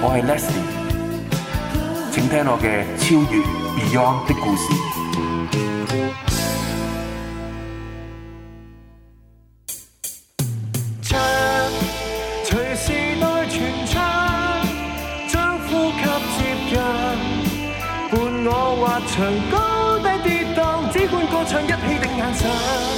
我係 Leslie，請聽我嘅超越 Beyond 的故事。唱，隨時代傳唱，將呼吸接近，伴我劃長高低跌宕，只管歌唱一起定眼神。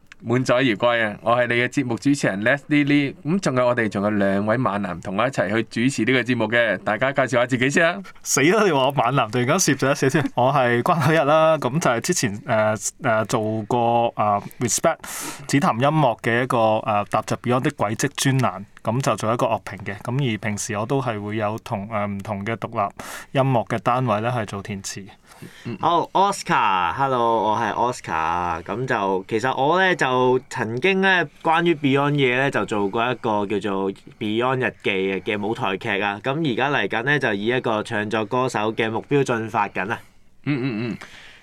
滿載而歸啊！我係你嘅節目主持人 Leslie，咁仲有我哋仲有兩位猛男同我一齊去主持呢個節目嘅，大家介紹下自己先啊！ 死啦！你話我猛男，突然間攝咗一攝先，我係關海日啦。咁就係之前誒誒、呃呃、做過啊、呃、respect 指彈音樂嘅一個誒、呃、踏著 Beyond 的軌跡專欄，咁就做一個樂評嘅。咁而平時我都係會有同誒唔、呃、同嘅獨立音樂嘅單位咧，係做填詞。好、oh，Oscar，hello，我係 Oscar，咁就其實我咧就曾經咧關於 Beyond 嘢咧就做過一個叫做 Beyond 日記嘅舞台劇啊，咁而家嚟緊咧就以一個唱作歌手嘅目標進發緊啊，嗯嗯嗯。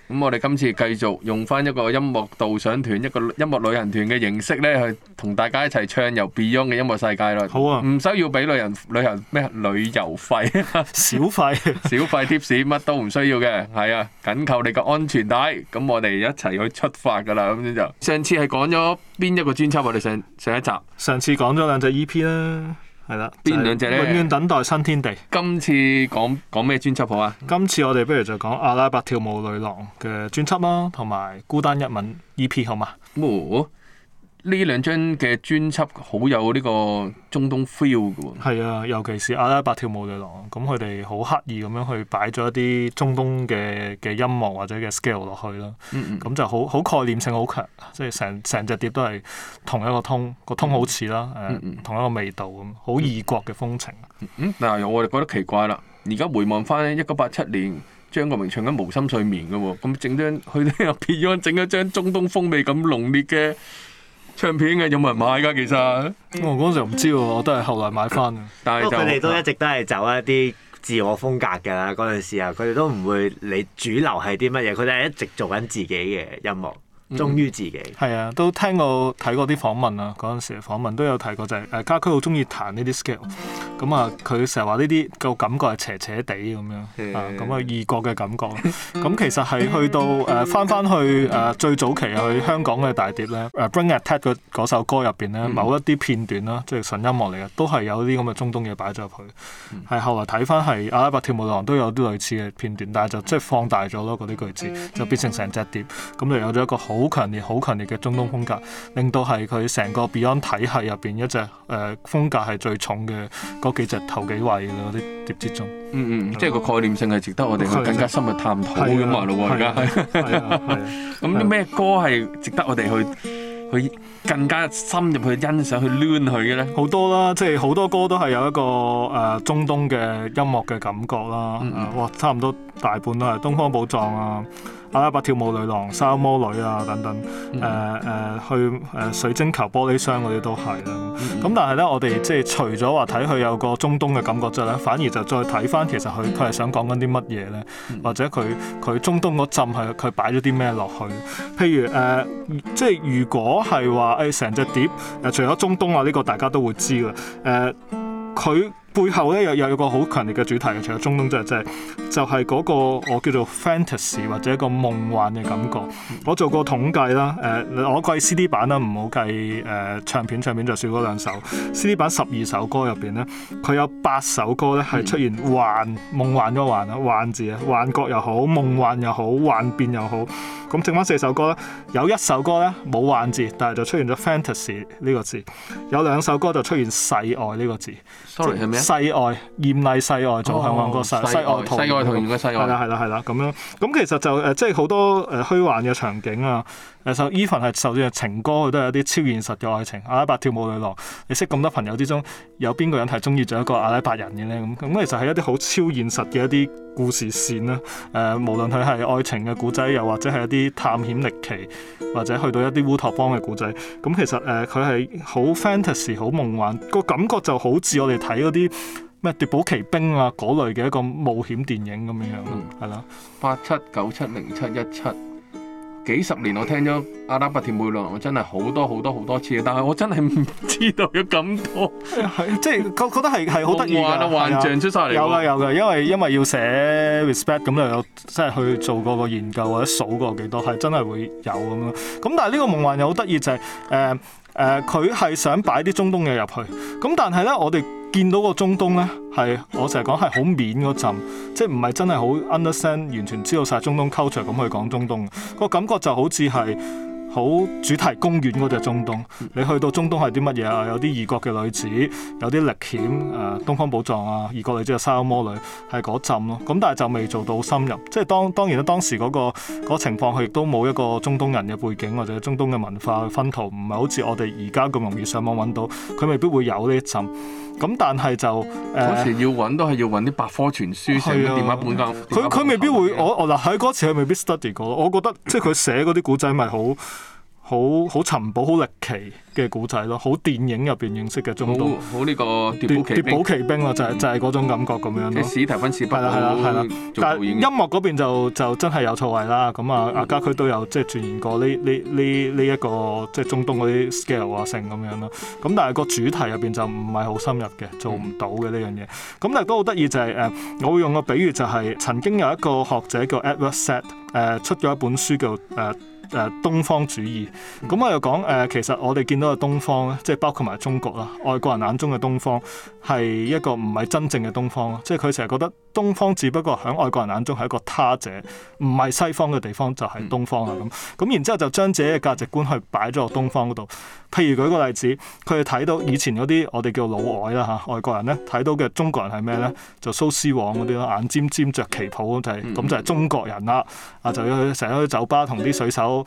咁我哋今次繼續用翻一個音樂導賞團，一個音樂旅行團嘅形式咧，去同大家一齊暢遊 Beyond 嘅音樂世界啦。好啊！唔需要俾旅，旅行旅行咩旅遊費？ 小費快？ 小費貼士乜都唔需要嘅，係啊，緊扣你個安全帶，咁我哋一齊去出發噶啦，咁先就。上次係講咗邊一個專輯我哋上上一集？上次講咗兩隻 EP 啦。係啦，永、就是、遠，遠等待新天地。今次講講咩專輯好啊？嗯、今次我哋不如就講阿拉伯跳舞女郎嘅專輯啦，同埋孤單一吻 EP，好嘛？哦呢兩張嘅專輯好有呢個中東 feel 嘅喎、哦，係啊，尤其是阿拉伯跳舞女郎，咁佢哋好刻意咁樣去擺咗一啲中東嘅嘅音樂或者嘅 scale 落去咯，咁、嗯嗯、就好好概念性好強，即係成成隻碟都係同一個 tone 個 tone 好似啦，誒、呃，嗯嗯同一個味道咁，好異國嘅風情。嗯，嗯，嗱、嗯嗯，我哋覺得奇怪啦，而家回望翻一九八七年張國榮唱緊《無心睡眠》嘅喎、哦，咁整張佢咧又變咗整一張中東風味咁濃烈嘅。唱片嘅有冇人買噶？其實有有 我嗰陣時唔知喎，我都係後來買翻。但係佢哋都一直都係走一啲自我風格㗎啦。嗰陣時啊，佢哋都唔會理主流係啲乜嘢，佢哋係一直做緊自己嘅音樂。忠於自己係啊，都聽過睇過啲訪問啊，嗰陣時訪問都有提過，就係誒家駒好中意彈呢啲 scale，咁啊佢成日話呢啲個感覺係斜斜地咁樣啊，咁啊異國嘅感覺。咁其實係去到誒翻翻去誒最早期去香港嘅大碟咧，Brain Attack 嗰首歌入邊咧，某一啲片段啦，即係純音樂嚟嘅，都係有啲咁嘅中東嘢擺咗入去。係後來睇翻係阿拉伯跳舞女郎都有啲類似嘅片段，但係就即係放大咗咯，嗰啲句子，就變成成隻碟咁就有咗一個好。好強烈、好強烈嘅中東風格，令到係佢成個 Beyond 體系入邊一隻誒、呃、風格係最重嘅嗰幾隻頭幾位嘅嗰啲碟之中。嗯嗯，嗯吧即係個概念性係值得我哋去更加深入探討嘅嘛，咯喎、嗯，而家。咁啲咩歌係值得我哋去去更加深入去欣賞去攣佢嘅咧？好多啦，即係好多歌都係有一個誒、呃、中東嘅音樂嘅感覺啦。哇、呃，差唔多大半都係東方寶藏啊！嗯嗯阿拉伯跳舞女郎、沙魔女啊等等，誒誒去誒水晶球、玻璃箱嗰啲都係啦。咁但係咧，我哋即係除咗話睇佢有個中東嘅感覺之後咧，反而就再睇返其實佢佢係想講緊啲乜嘢咧，或者佢佢中東嗰陣係佢擺咗啲咩落去？譬如誒、呃，即係如果係話誒成隻碟，誒除咗中東啊呢個大家都會知嘅，誒、呃、佢。背後咧又又個好強烈嘅主題，除咗中東就係、係、就係就係嗰個我叫做 fantasy 或者一個夢幻嘅感覺。嗯、我做過統計啦，誒、呃、我計 CD 版啦，唔好計誒、呃、唱片唱片就少嗰兩首 CD 版十二首歌入邊咧，佢有八首歌咧係出現幻、嗯、夢幻個幻啊幻字啊幻覺又好，夢幻又好，幻變又好。咁剩翻四首歌咧，有一首歌咧冇幻字，但係就出現咗 fantasy 呢個字。有兩首歌就出現世外呢個字。Sorry 係咩？世外，豔麗世外，仲向往個世、哦、世、世外桃源，係啦係啦係啦咁樣，咁其實就誒、呃，即係好多誒、呃、虛幻嘅場景啊。其實即使係情歌，佢都係一啲超現實嘅愛情。阿拉伯跳舞女郎，你識咁多朋友之中，有邊個人係中意咗一個阿拉伯人嘅咧？咁咁其實係一啲好超現實嘅一啲故事線啦。誒、呃，無論佢係愛情嘅古仔，又或者係一啲探險歷奇，或者去到一啲烏托邦嘅古仔。咁、嗯、其實誒，佢係好 fantasy、好夢幻個感覺，就好似我哋睇嗰啲咩《奪寶奇兵》啊嗰類嘅一個冒險電影咁樣樣，係啦、嗯。八七九七零七一七。幾十年我聽咗阿拉伯甜妹樂，我真係好多好多好多次，但係我真係唔知道有咁多，即係覺覺得係係好得意嘅幻象有出曬嚟，有噶有噶，因為因為要寫 respect 咁又有即係去做過個研究或者數過幾多，係真係會有咁咯。咁但係呢個夢幻又好得意就係誒誒，佢、呃、係、呃、想擺啲中東嘢入去，咁但係咧我哋。見到個中東呢，係我成日講係好面嗰陣，即係唔係真係好 understand 完全知道晒中東 culture 咁去講中東。個感覺就好似係好主題公園嗰隻中東。你去到中東係啲乜嘢啊？有啲異國嘅女子，有啲歷險，誒、呃、東方寶藏啊，異國女子嘅沙漠魔女係嗰陣咯。咁但係就未做到深入，即係當當然啦。當時嗰、嗰個嗰個情況，佢亦都冇一個中東人嘅背景或者中東嘅文化薰陶，唔係好似我哋而家咁容易上網揾到，佢未必會有呢一陣。咁但係就嗰、呃、時要揾都係要揾啲百科全書先，電話本咁。佢佢他未必會，必會我我嗱喺嗰時佢未必 study 過。我覺得 即係佢寫嗰啲古仔咪好。好好尋寶、好歷奇嘅古仔咯，好電影入邊認識嘅中東，好呢、呢個奪寶奇兵啊、嗯就係，就係就係嗰種感覺咁樣咯。嗯嗯就係、史提芬史匹堡做導演。音樂嗰邊就就真係有錯位啦。咁啊，阿、啊、家駒都有即係鑽研過呢呢呢呢一個即係中東嗰啲 scale 啊性咁樣咯。咁但係個主題入邊就唔係好深入嘅，做唔到嘅呢、嗯、樣嘢。咁但係都好得意就係、是、誒，我會用個比喻就係、是、曾經有一個學者叫 Edward Said 出咗一本書叫誒，呃呃呃呃呃誒東方主義，咁我又講誒，其實我哋見到嘅東方咧，即係包括埋中國啦，外國人眼中嘅東方係一個唔係真正嘅東方咯，即係佢成日覺得東方只不過喺外國人眼中係一個他者，唔係西方嘅地方就係東方啊咁，咁然之後就將自己嘅價值觀去擺咗落東方嗰度。譬如舉個例子，佢哋睇到以前嗰啲我哋叫老外啦嚇、啊，外國人咧睇到嘅中國人係咩咧？就蘇絲黃嗰啲咯，眼尖尖着旗袍就係咁就係中國人啦。啊、嗯，就去成日去酒吧同啲水手誒誒、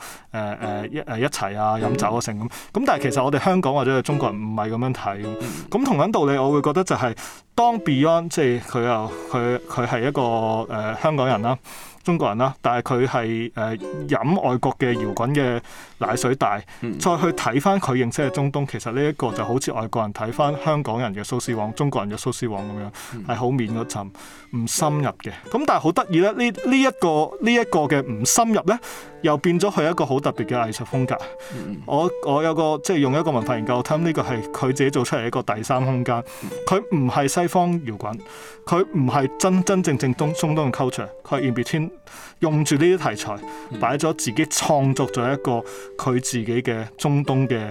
呃、一誒一齊啊飲酒啊成咁。咁但係其實我哋香港或者係中國人唔係咁樣睇。咁同樣道理，我會覺得就係、是、當 Beyond 即係佢又佢佢係一個誒、呃、香港人啦。中國人啦，但係佢係誒飲外國嘅搖滾嘅奶水大，再去睇返佢認識嘅中東，其實呢一個就好似外國人睇返香港人嘅蘇絲黃，中國人嘅蘇絲黃咁樣，係好表面層，唔深入嘅。咁、嗯、但係好得意咧，呢呢一個呢一個嘅唔深入咧，又變咗佢一個好特別嘅藝術風格。我我有個即係用一個文化研究我睇呢個係佢自己做出嚟一個第三空間，佢唔係西方搖滾，佢唔係真真正正宗中，中東嘅 culture，佢係用住呢啲題材，擺咗自己創作咗一個佢自己嘅中東嘅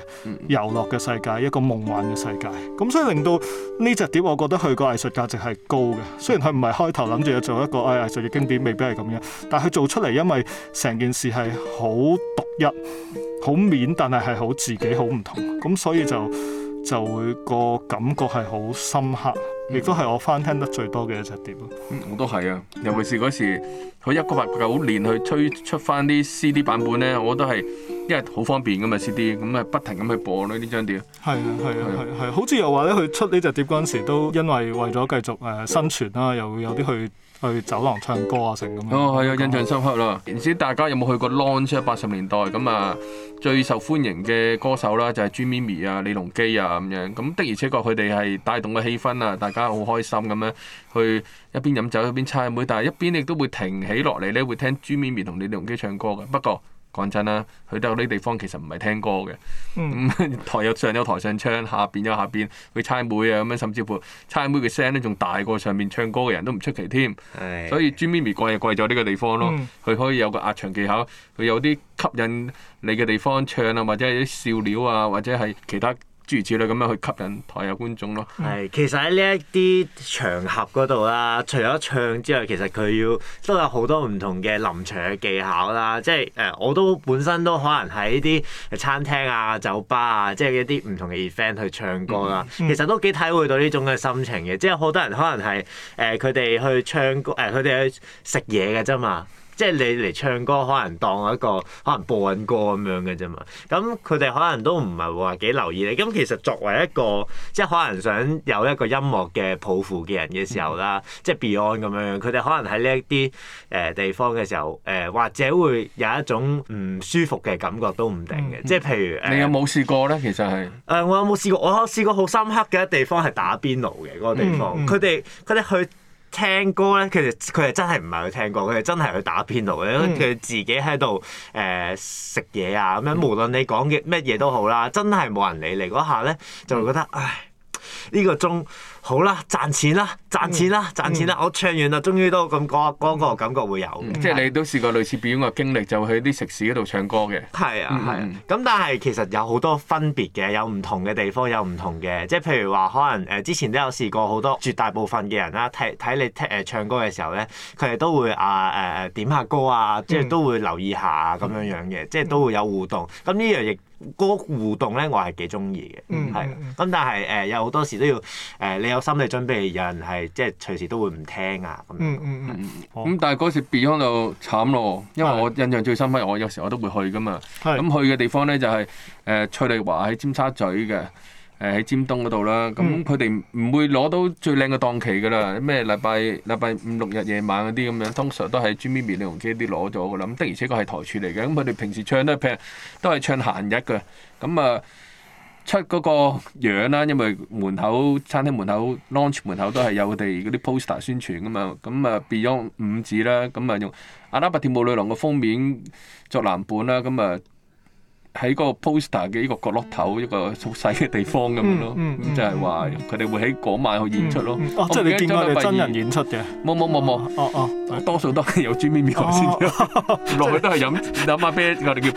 遊樂嘅世界，一個夢幻嘅世界。咁所以令到呢隻碟，我覺得佢個藝術價值係高嘅。雖然佢唔係開頭諗住要做一個誒、哎、藝術嘅經典，未必係咁樣，但係佢做出嚟，因為成件事係好獨一、好面，但係係好自己、好唔同。咁所以就。就會個感覺係好深刻，亦都係我翻聽得最多嘅一隻碟咯。嗯，我都係啊，尤其是嗰時，佢一個八九年去推出翻啲 CD 版本咧，我都係，因為好方便噶、啊、嘛 CD，咁啊不停咁去播囉、啊、呢張碟。係啊係啊係係、啊啊啊，好似又話咧，佢出呢隻碟嗰陣時，都因為為咗繼續誒、呃、生存啦、啊，又有啲去。去走廊唱歌啊，成咁樣哦，係啊，印象深刻啦。唔 知大家有冇去過 Lounge？八十年代咁啊，最受歡迎嘅歌手啦，就係朱咪咪啊、李龍基啊咁樣。咁的而且確佢哋係帶動個氣氛啊，大家好開心咁樣去一邊飲酒一邊猜妹，但係一邊亦都會停起落嚟咧，會聽朱咪咪同李龍基唱歌嘅。不過講真啦，佢得有啲地方其實唔係聽歌嘅，咁、嗯、台有上有台上唱，下邊有下邊，佢猜妹啊咁樣，甚至乎猜妹嘅聲咧仲大過上面唱歌嘅人都唔出奇添，哎、所以 g a m m y 咪貴就貴咗呢個地方咯，佢、嗯、可以有個壓場技巧，佢有啲吸引你嘅地方唱啊，或者係啲笑料啊，或者係其他。諸如此類咁樣去吸引台下觀眾咯。係，其實喺呢一啲場合嗰度啦，除咗唱之外，其實佢要都有好多唔同嘅臨場嘅技巧啦。即係誒、呃，我都本身都可能喺啲餐廳啊、酒吧啊，即係一啲唔同嘅 event 去唱歌啦。嗯、其實都幾體會到呢種嘅心情嘅，嗯、即係好多人可能係誒佢哋去唱歌，誒佢哋去食嘢嘅啫嘛。即係你嚟唱歌，可能當一個可能播緊歌咁樣嘅啫嘛。咁佢哋可能都唔係話幾留意你。咁其實作為一個即係可能想有一個音樂嘅抱負嘅人嘅時候啦，即係 Beyond 咁樣，佢哋可能喺呢一啲誒地方嘅時候，誒、嗯呃呃、或者會有一種唔舒服嘅感覺都唔定嘅。嗯、即係譬如、呃、你有冇試過咧？其實係誒、呃，我有冇試過？我試過好深刻嘅地方係打邊爐嘅嗰個地方。佢哋佢哋去。聽歌咧，其實佢係真係唔係去聽歌，佢係真係去打邊爐嘅。佢自己喺度誒食嘢啊，咁樣無論你講嘅乜嘢都好啦，嗯、真係冇人理你。嗰下咧就會覺得，唉，呢、呢個鐘。好啦，賺錢啦，賺錢啦，嗯、賺錢啦！我唱完啦，終於都咁講歌嗰個感覺會有。即係、嗯、你都試過類似表演嘅經歷，就去啲食肆嗰度唱歌嘅。係、嗯、啊，係啊。咁、啊嗯、但係其實有好多分別嘅，有唔同嘅地方有，有唔同嘅。即係譬如話，可能誒、呃、之前都有試過好多絕大部分嘅人啦，睇睇你誒唱歌嘅時候咧，佢哋都會啊誒、呃、點下歌啊，即係都會留意下咁、嗯嗯、樣樣嘅，即係都會有互動。咁呢樣亦歌互動咧，我係幾中意嘅。嗯，咁但係誒有好多時都要誒你。呃呃嗯嗯呃嗯有心理準備，有人係即係隨時都會唔聽啊咁咁、嗯嗯嗯喔嗯、但係嗰時 Beyond 就慘咯，因為我印象最深刻，我有時我都會去㗎嘛。係。咁去嘅地方咧就係誒、呃、翠麗華喺尖沙咀嘅，誒喺尖東嗰度啦。咁佢哋唔會攞到最靚嘅檔期㗎啦，咩禮拜禮拜五六日夜晚嗰啲咁樣，通常都係專 mini 李榮基啲攞咗嘅啦。咁的而且確係台柱嚟嘅，咁佢哋平時唱都係平，都係唱閒日嘅。咁啊。出嗰個樣啦，因為門口餐廳門口 launch 門口都係有佢哋嗰啲 poster 宣傳噶嘛，咁、嗯、啊變咗五指啦，咁、嗯、啊用阿拉伯跳舞女郎嘅封面作藍本啦，咁、嗯、啊～、嗯喺嗰個 poster 嘅一個角落頭，一個好細嘅地方咁樣咯，就係話佢哋會喺嗰晚去演出咯。即係你見到真人演出嘅？冇冇冇冇。多數都係有朱咪咪先，落去都係飲飲下啤，我哋叫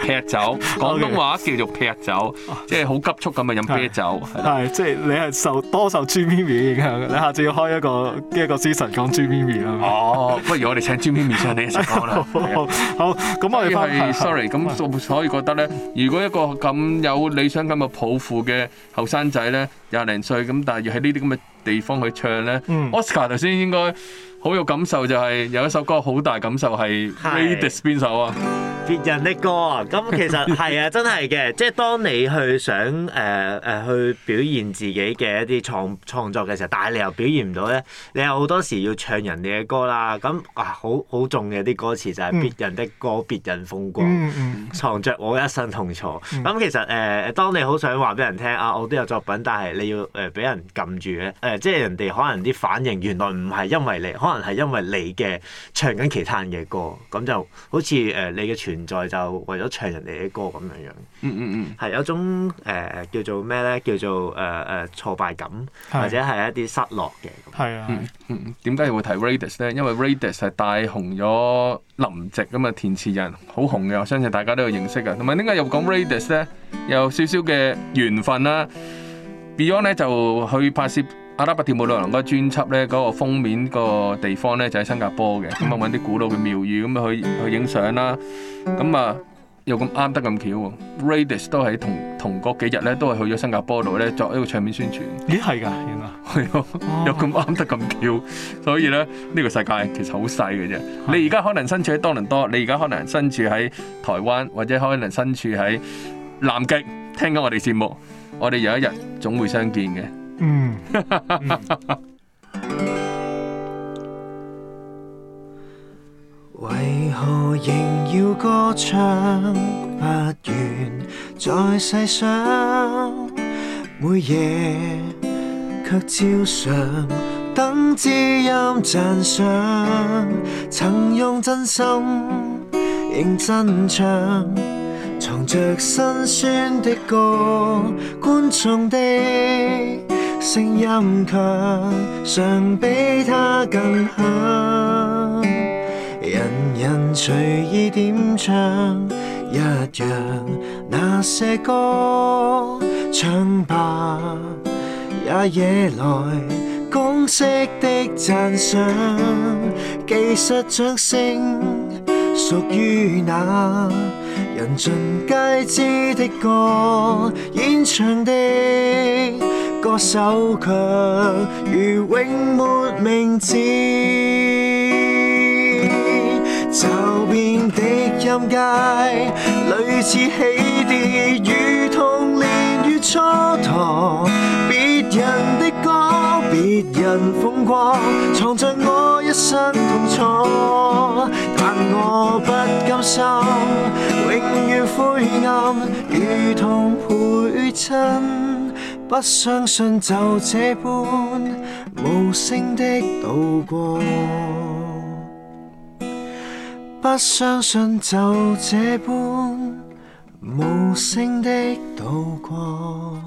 劈酒，廣東話叫做劈酒，即係好急速咁樣飲啤酒。係即係你係受多受朱咪咪影響，你下次要開一個一個 season 講朱咪咪啦。哦，不如我哋請朱咪咪上嚟一齊講啦。好咁我哋翻 sorry 咁所以覺得。如果一個咁有理想咁嘅抱負嘅後生仔呢，廿零歲咁，但係要喺呢啲咁嘅地方去唱呢 Oscar 頭先應該好有感受，就係有一首歌好大感受係《Radias》邊首啊？別人的歌啊，咁其實係啊，真係嘅，即係當你去想誒誒、呃呃、去表現自己嘅一啲創創作嘅時候，但係你又表現唔到咧，你有好多時要唱人哋嘅歌啦。咁啊，好好重嘅啲歌詞就係別人的歌，啊、的歌別，人的歌別人風光，藏着、嗯嗯嗯、我一生痛楚。咁、嗯、其實誒、呃，當你好想話俾人聽啊，我都有作品，但係你要誒俾、呃、人撳住咧。誒、呃，即係人哋可能啲反應原來唔係因為你，可能係因為你嘅唱緊其他人嘅歌。咁就好似誒，你嘅傳。現在就為咗唱人哋嘅歌咁樣樣，係有、嗯嗯嗯、種誒叫做咩咧？叫做誒誒、呃呃、挫敗感，是或者係一啲失落嘅。係啊的，點解、嗯嗯、要提 Raidas 咧？因為 Raidas 係帶紅咗林夕㗎嘛，填詞人，好紅嘅，我相信大家都有認識嘅。同埋點解又講 Raidas 咧？有少少嘅緣分啦、啊。Beyond 咧就去拍攝。阿拉伯跳舞女郎嗰個專輯咧，嗰個封面個地方咧就喺新加坡嘅，咁啊揾啲古老嘅廟宇咁去去影相啦。咁啊，又咁啱得咁巧，Raidas 都係同同嗰幾日咧都係去咗新加坡度咧作呢個唱片宣傳。咦，係噶，原來有咁啱得咁巧，所以咧呢個世界其實好細嘅啫。你而家可能身處喺多倫多，你而家可能身處喺台灣，或者可能身處喺南極，聽緊我哋節目，我哋有一日總會相見嘅。im im 嗯，im im 為何仍要歌唱？不願再細想，每夜卻照常等知音讚賞。曾用真心認真唱。藏着辛酸的歌，觀眾的聲音卻常比他更響。人人隨意點唱一樣那些歌，唱罷也惹來公式的讚賞，其實掌聲屬於那。人盡皆知的歌。演唱的歌手卻如永沒名字。驟變的音階，類似起跌，如同年月蹉跎，別人的。別人風光，藏著我一身痛楚，但我不甘心，永遠灰暗，如同陪襯。不相信就這般無聲的渡過，不相信就這般無聲的渡過。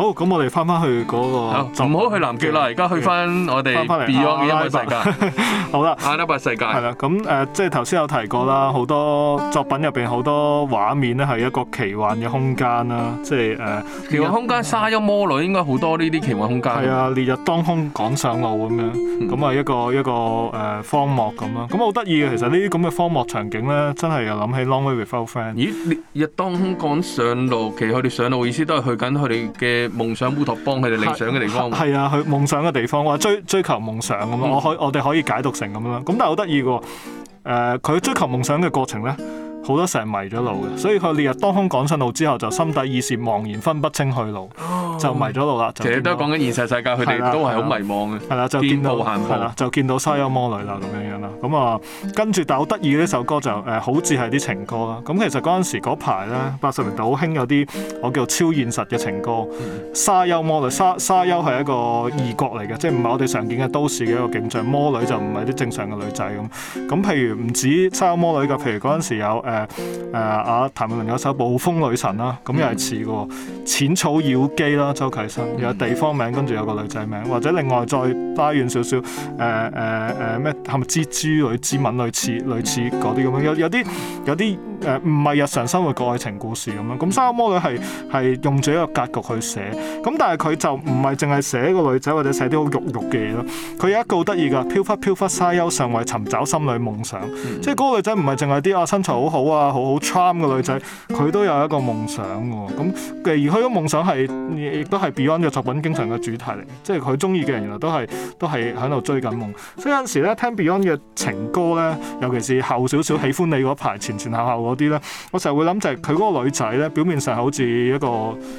好，咁我哋翻翻去嗰個，唔好去南極啦，而家去翻我哋 Beyond 嘅世界。好啦，阿拉伯世界。係啦，咁誒，即係頭先有提過啦，好多作品入邊好多畫面咧，係一個奇幻嘅空間啦，即係誒。奇幻空間，沙丘魔女應該好多呢啲奇幻空間。係啊，烈日當空趕上路咁樣，咁啊一個一個誒荒漠咁啦，咁好得意嘅其實呢啲咁嘅荒漠場景咧，真係又諗起 Long Way Without Friends。咦，烈日當空趕上路，其實佢哋上路意思都係去緊佢哋嘅。夢想烏托邦，佢哋理想嘅地、啊、地方，係啊，佢夢想嘅地方，話追追求夢想咁樣、嗯，我可我哋可以解讀成咁樣，咁但係好得意嘅喎，佢、呃、追求夢想嘅過程呢。好多成日迷咗路嘅，所以佢烈日當空趕上路之後，就心底意是茫然分不清去路， 就迷咗路啦。就其實都係講緊現實世界，佢哋啦都係好迷茫嘅。係啦，啦，就見到，係啦，就見到沙丘魔女啦咁樣、嗯嗯、樣啦。咁、嗯、啊，跟住但好得意嘅呢首歌就誒、是呃，好似係啲情歌啦。咁其實嗰陣時嗰排咧，八十年代好興有啲我叫超現實嘅情歌。沙丘魔女，沙沙丘係一個異國嚟嘅，即係唔係我哋常見嘅都市嘅一個景象。魔女就唔係啲正常嘅女仔咁。咁譬如唔止沙丘魔女嘅，譬如嗰陣時有。欸嗯嗯嗯誒誒阿譚詠麟有首《暴風女神》啦、啊，咁又係似嘅喎，嗯《淺草妖姬》啦、啊，周啟生有地方名跟住有個女仔名，或者另外再花遠少少，誒誒誒咩係咪蜘蛛女、之、呃、吻、呃、類似類似嗰啲咁樣？有有啲有啲。 誒唔係日常生活嘅愛情故事咁樣，咁沙丘魔女係係用住一個格局去寫，咁但係佢就唔係淨係寫一個女仔或者寫啲好肉肉嘅嘢咯。佢有一個好得意噶，飄忽飄忽沙丘上為尋找心裏夢想。嗯、即係嗰個女仔唔係淨係啲啊身材好好啊好好 charm 嘅女仔，佢都有一個夢想㗎。咁、嗯、而佢個夢想係亦都係 Beyond 嘅作品經常嘅主題嚟，即係佢中意嘅人原來都係都係喺度追緊夢。所以有時咧聽 Beyond 嘅情歌咧，尤其是後少少喜歡你嗰排前前後後。嗰啲咧，我成日會諗就係佢嗰個女仔咧，表面上好似一個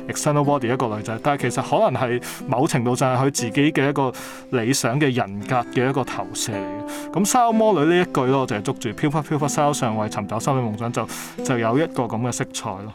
external body 一個女仔，但係其實可能係某程度上係佢自己嘅一個理想嘅人格嘅一個投射嚟嘅。咁《沙丘魔女》呢一句咯，就係捉住飄忽飄忽沙丘上位尋找心裏夢想，就就有一個咁嘅色彩咯。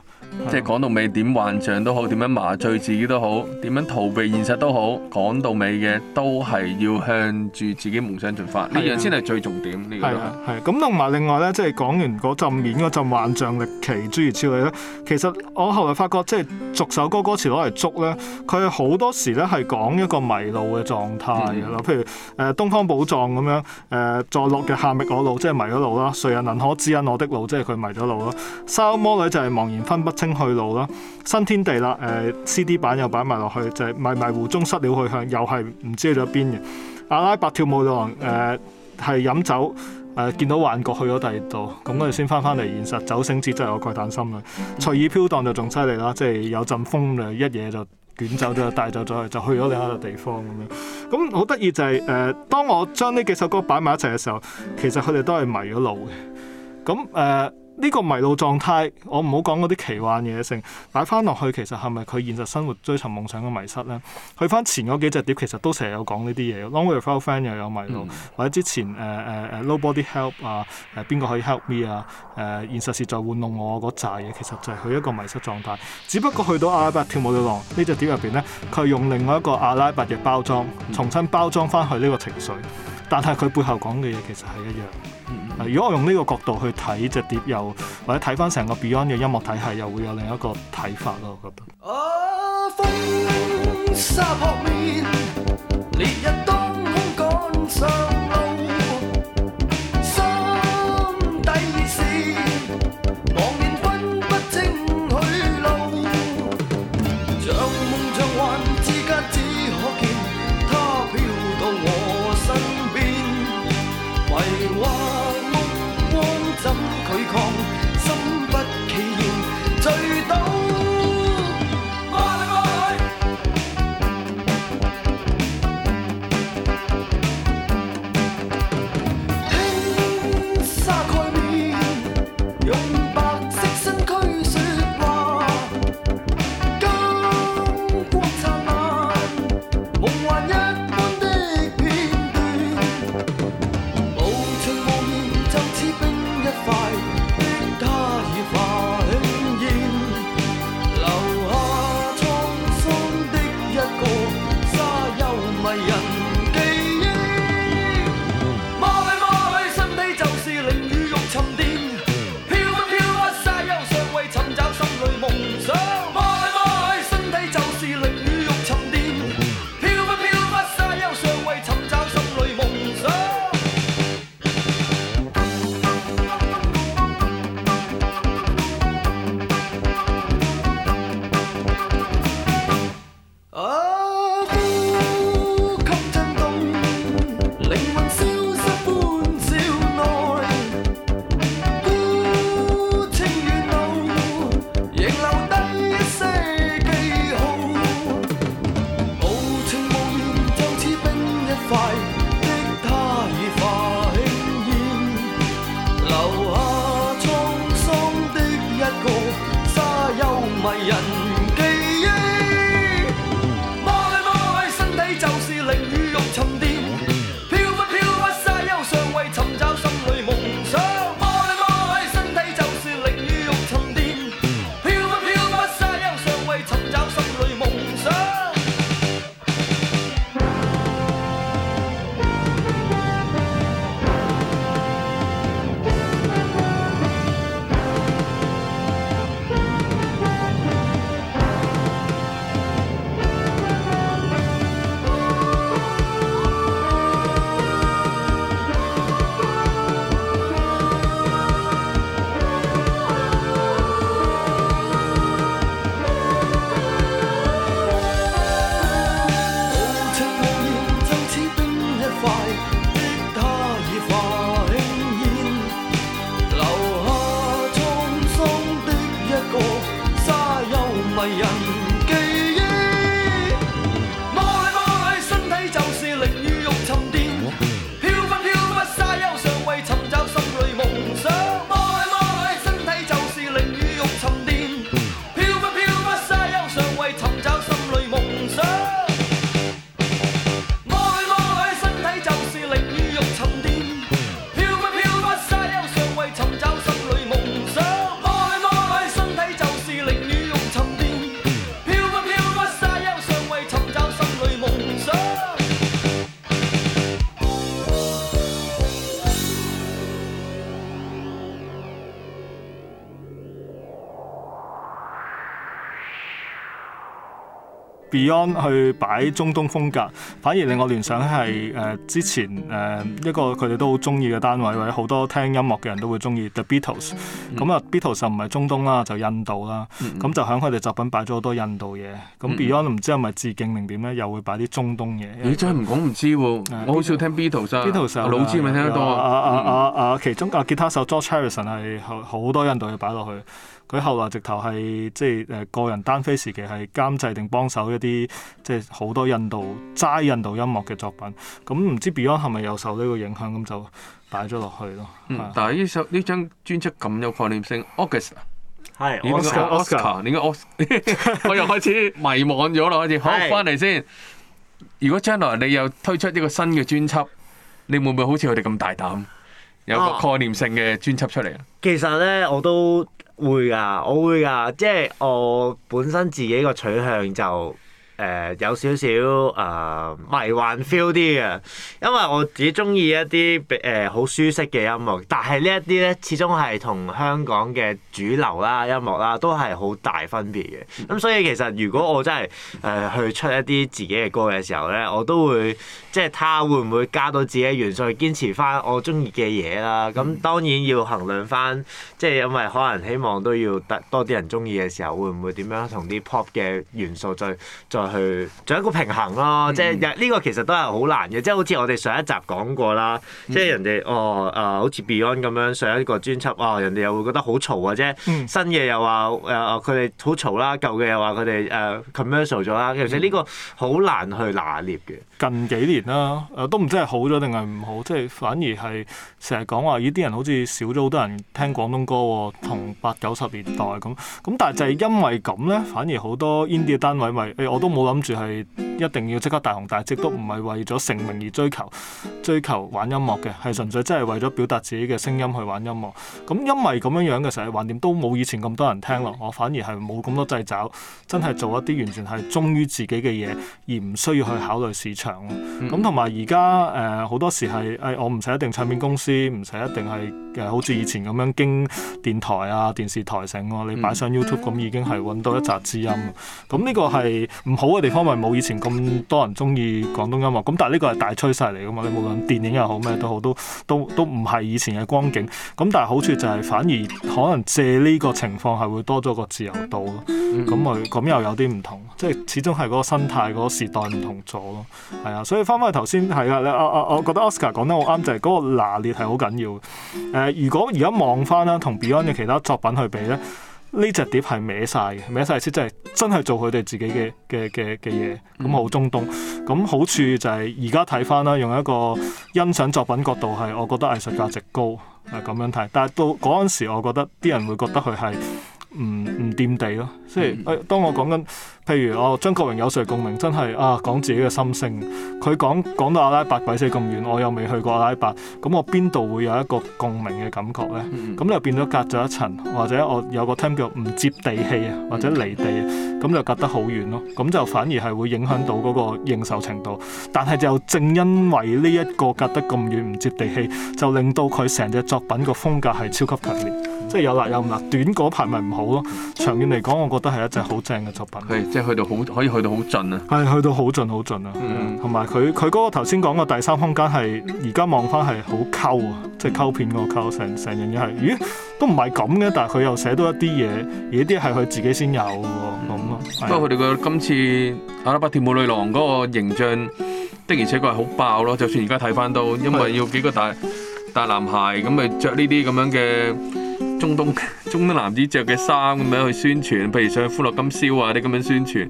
即係講到尾，點幻象都好，點樣麻醉自己都好，點樣逃避現實都好，講到尾嘅都係要向住自己夢想進發。呢 樣先係最重點。係啊，係咁，同埋另外咧，即係講完嗰陣面嗰陣幻象力奇，諸如此類咧。其實我後來發覺，即係逐首歌歌詞攞嚟捉咧，佢好多時咧係講一個迷路嘅狀態嘅啦。嗯、譬如誒、呃、東方寶藏咁樣，誒、呃、在落日下覓我路，即係迷咗路啦。誰人能可指引我的路，即係佢迷咗路囉。沙漠魔女就係茫然分不清去路啦，新天地啦，誒、呃、CD 版又擺埋落去，就係、是、迷迷糊中失了去向，又係唔知去咗邊嘅。阿拉伯跳舞女郎，誒係飲酒，誒、呃、見到幻覺去咗第二度，咁跟住先翻翻嚟現實。酒醒之後我蓋蛋心啦，隨意飄蕩就仲犀利啦，即係有陣風一嘢就捲走咗，帶走咗，再就去咗另一個地方咁樣。咁好得意就係、是、誒、呃，當我將呢幾首歌擺埋一齊嘅時候，其實佢哋都係迷咗路嘅。咁、嗯、誒。呃呢個迷路狀態，我唔好講嗰啲奇幻嘢性，擺翻落去其實係咪佢現實生活追尋夢想嘅迷失咧？去翻前嗰幾隻碟其實都成日有講呢啲嘢，Long Way Without Friends 又有迷路，嗯、或者之前誒誒、呃、誒、呃、nobody help 啊，誒邊個可以 help me 啊？誒、呃、現實是在玩弄我嗰扎嘢，其實就係佢一個迷失狀態。只不過去到阿拉伯跳舞女郎、這個、呢隻碟入邊咧，佢用另外一個阿拉伯嘅包裝，重新包裝翻去呢個情緒，但係佢背後講嘅嘢其實係一樣。嗯、如果我用呢個角度去睇隻碟又，又或者睇返成個 Beyond 嘅音樂體系，又會有另一個睇法咯，我覺得。日 Beyond 去擺中東風格，反而令我聯想係誒之前誒一個佢哋都好中意嘅單位，或者好多聽音樂嘅人都會中意 The Beatles、mm。咁啊，Beatles 就唔係中東啦，就印度啦。咁就響佢哋作品擺咗好多印度嘢。咁 Beyond 唔知係咪致敬定點咧？又會擺啲中東嘢。你真係唔講唔知喎、啊，uh, 我好少聽 Beatles。Beatles 老咪聽得多，啊啊啊啊其中啊，吉他手 George Harrison 係好多印度嘢擺落去。佢後來直頭係即係誒個人單飛時期，係監製定幫手一啲即係好多印度齋印度音樂嘅作品。咁唔知 Beyond 係咪又受呢個影響咁就擺咗落去咯。嗯，但係呢首呢張專輯咁有概念性 August Oscar，Oscar 點解我又開始迷惘咗咯，我開始好似好翻嚟先。如果將來你又推出一個新嘅專輯，你會唔會好似佢哋咁大膽有個概念性嘅專輯出嚟啊？其實咧，我都～會㗎，我會㗎，即係我本身自己個取向就。誒、呃、有少少誒迷幻 feel 啲嘅，因為我自己中意一啲誒好舒適嘅音樂，但係呢一啲咧始終係同香港嘅主流啦音樂啦都係好大分別嘅。咁所以其實如果我真係誒、呃、去出一啲自己嘅歌嘅時候咧，我都會即係睇下會唔會加到自己嘅元素，去堅持翻我中意嘅嘢啦。咁當然要衡量翻，即係因為可能希望都要得多啲人中意嘅時候，會唔會點樣同啲 pop 嘅元素再再～去做一個平衡咯，即係呢個其實都係好難嘅，即係好似我哋上一集講過啦，即係人哋哦誒、呃，好似 Beyond 咁樣上一個專輯，啊、哦。人哋又會覺得好嘈啊啫，即新嘅又話誒佢哋好嘈啦，舊嘅又話佢哋誒 commercial 咗啦，其實呢個好難去拿捏嘅。近幾年啦、啊，都唔知係好咗定係唔好，即係反而係成日講話呢啲人好似少咗好多人聽廣東歌喎，同八九十年代咁咁，但係就係因為咁咧，反而好多 indie 單位咪、欸、我都。冇諗住係一定要即刻大紅大紫，都唔係為咗成名而追求追求玩音樂嘅，係純粹真係為咗表達自己嘅聲音去玩音樂。咁因為咁樣樣嘅時候，橫掂都冇以前咁多人聽咯。我反而係冇咁多掣肘，真係做一啲完全係忠於自己嘅嘢，而唔需要去考慮市場。咁同埋而家誒好多時係誒我唔使一定唱片公司，唔使一定係誒、呃、好似以前咁樣經電台啊、電視台成咯，你擺上 YouTube 咁已經係揾到一紮知音。咁呢個係唔好。好嘅地方咪冇以前咁多人鍾意廣東音樂，咁但係呢個係大趨勢嚟噶嘛？你無論電影又好咩都好，都都都唔係以前嘅光景。咁但係好處就係反而可能借呢個情況係會多咗個自由度咯。咁咪咁又有啲唔同，即係始終係嗰個生態、嗰個時代唔同咗咯。係啊，所以翻返去頭先係啊，我我我覺得 Oscar 講得好啱，就係、是、嗰個拿捏係好緊要。誒、呃，如果而家望翻啦，同 Beyond 嘅其他作品去比咧。呢隻碟係歪晒嘅，歪晒先、就是、真係真係做佢哋自己嘅嘅嘅嘅嘢，咁好中東。咁好處就係而家睇返啦，用一個欣賞作品角度係，我覺得藝術價值高係咁樣睇。但係到嗰陣時，我覺得啲人會覺得佢係。唔唔掂地咯，即係誒、哎，當我講緊，譬如哦，張國榮有誰共鳴，真係啊，講自己嘅心聲。佢講講到阿拉伯鬼死咁遠，我又未去過阿拉伯，咁我邊度會有一個共鳴嘅感覺呢？咁、嗯、就變咗隔咗一層，或者我有個 term 叫唔接地氣啊，或者離地，咁就隔得好遠咯。咁就反而係會影響到嗰個認受程度。但係就正因為呢一個隔得咁遠唔接地氣，就令到佢成隻作品個風格係超級強烈。即係有辣有唔辣， 短嗰排咪唔好咯。長遠嚟講，我覺得係一隻好正嘅作品。係是，嗯、即係去到好，可以去到好盡啊！係去到好盡，好盡啊！同埋佢佢嗰個頭先講嘅第三空間係而家望翻係好溝啊！即係溝片個溝成成樣嘢係，咦都唔係咁嘅，但係佢又寫到一啲嘢，而啲係佢自己先有喎咁咯。嗯、的不過佢哋個今次阿拉伯跳舞女郎嗰個形象的而且確係好爆咯，就算而家睇翻都，因為要幾個大大男孩咁咪着呢啲咁樣嘅。中東中東男子着嘅衫咁樣去宣傳，譬如上《歡樂今宵》啊啲咁樣宣傳，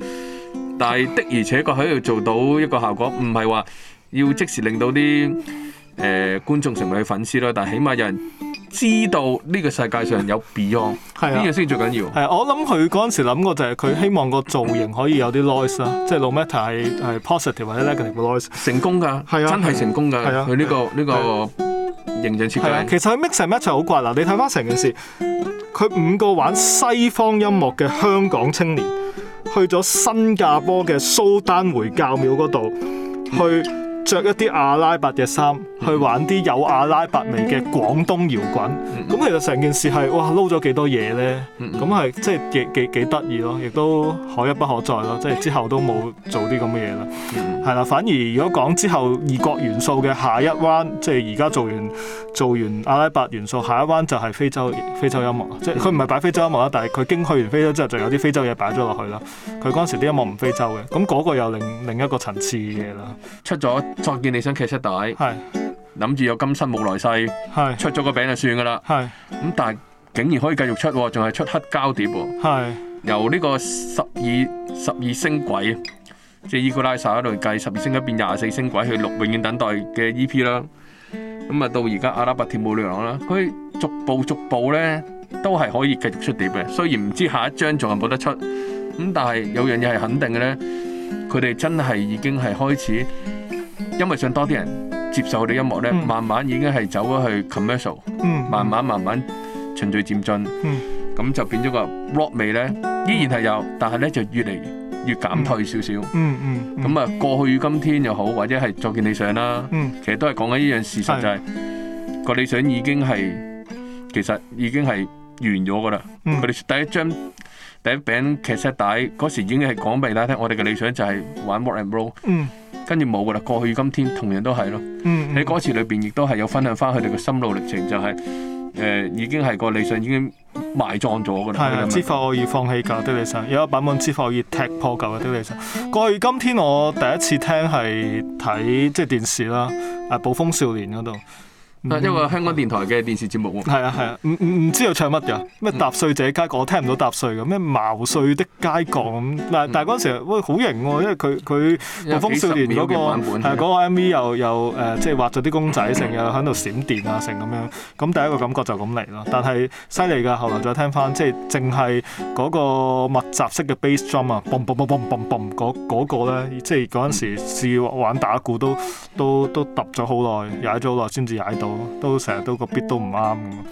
但係的而且確喺度做到一個效果，唔係話要即時令到啲誒觀眾成為你粉絲咯，但係起碼有人知道呢個世界上有 Beyond。係啊，呢樣先最緊要。係我諗佢嗰陣時諗過就係佢希望個造型可以有啲 noise 啦，即係 look matter 係係 positive 或者 negative noise。成功噶，係啊，真係成功噶，佢呢個呢個。形象設計其實佢 mix 成一齊好怪啦！你睇翻成件事，佢五個玩西方音樂嘅香港青年，去咗新加坡嘅蘇丹回教廟嗰度去。着一啲阿拉伯嘅衫，去玩啲有阿拉伯味嘅廣東搖滾。咁、嗯、其實成件事係，哇撈咗幾多嘢咧？咁係、嗯，即係幾幾幾得意咯，亦都可一不可再咯。即係之後都冇做啲咁嘅嘢啦。係啦、嗯，反而如果講之後異國元素嘅下一灣，即係而家做完做完阿拉伯元素，下一灣就係非洲非洲音樂，即係佢唔係擺非洲音樂啦，嗯、但係佢經去完非洲之後就有啲非洲嘢擺咗落去啦。佢嗰陣時啲音樂唔非洲嘅，咁、那、嗰個又另另一個層次嘅嘢啦。出咗。再見！你想騎出帶，諗住有今生冇來世，出咗個餅就算噶啦。咁但係竟然可以繼續出，仲係出黑膠碟。由呢個十二十二星軌，即係伊格拉薩喺度計十二星軌變廿四星軌去錄永遠等待嘅 E.P. 啦。咁啊到而家阿拉伯跳舞女郎啦，佢逐步逐步咧都係可以繼續出碟嘅。雖然唔知下一張仲係冇得出，咁但係有樣嘢係肯定嘅咧，佢哋真係已經係開始。因為想多啲人接受我哋音樂咧，慢慢已經係走咗去 commercial，慢慢慢慢循序漸進，咁就變咗個 rock 味咧，依然係有，但係咧就越嚟越減退少少。咁啊，過去與今天又好，或者係再見理想啦，其實都係講緊一樣事實，就係個理想已經係其實已經係完咗㗎喇。佢哋第一張第一餅卡式帶嗰時已經係講俾大家聽，我哋嘅理想就係玩 rock and roll。跟住冇噶啦，過去今天同樣都係咯。喺歌詞裏邊亦都係有分享翻佢哋嘅心路歷程，就係、是、誒、呃、已經係個理想已經埋葬咗噶啦。係啊的，樣知否可以放棄舊的理想？有一版本知否可以踢破舊嘅理想。過去今天，我第一次聽係睇即係電視啦，《啊暴風少年》嗰度。因、嗯、一個香港電台嘅電視節目喎，係啊係啊，唔唔唔知道唱乜嘅，咩踏碎者街角我聽唔到踏碎嘅，咩茅碎的街角咁。但但嗰陣時喂好型喎、啊，因為佢佢暴風少年嗰、嗰個嗰、啊嗰個 MV 又又誒、呃，即係畫咗啲公仔，成日喺度閃電啊，成咁樣。咁第一個感覺就咁嚟咯。但係犀利㗎，後嚟再聽翻，即係淨係嗰個密集式嘅 bass drum 啊，嘣嘣嘣嘣嘣嘣，嗰嗰、嗰個咧，即係嗰陣時試玩打鼓都都都揼咗好耐，踩咗好耐先至踩到。都成日都個 beat 都唔啱嘅。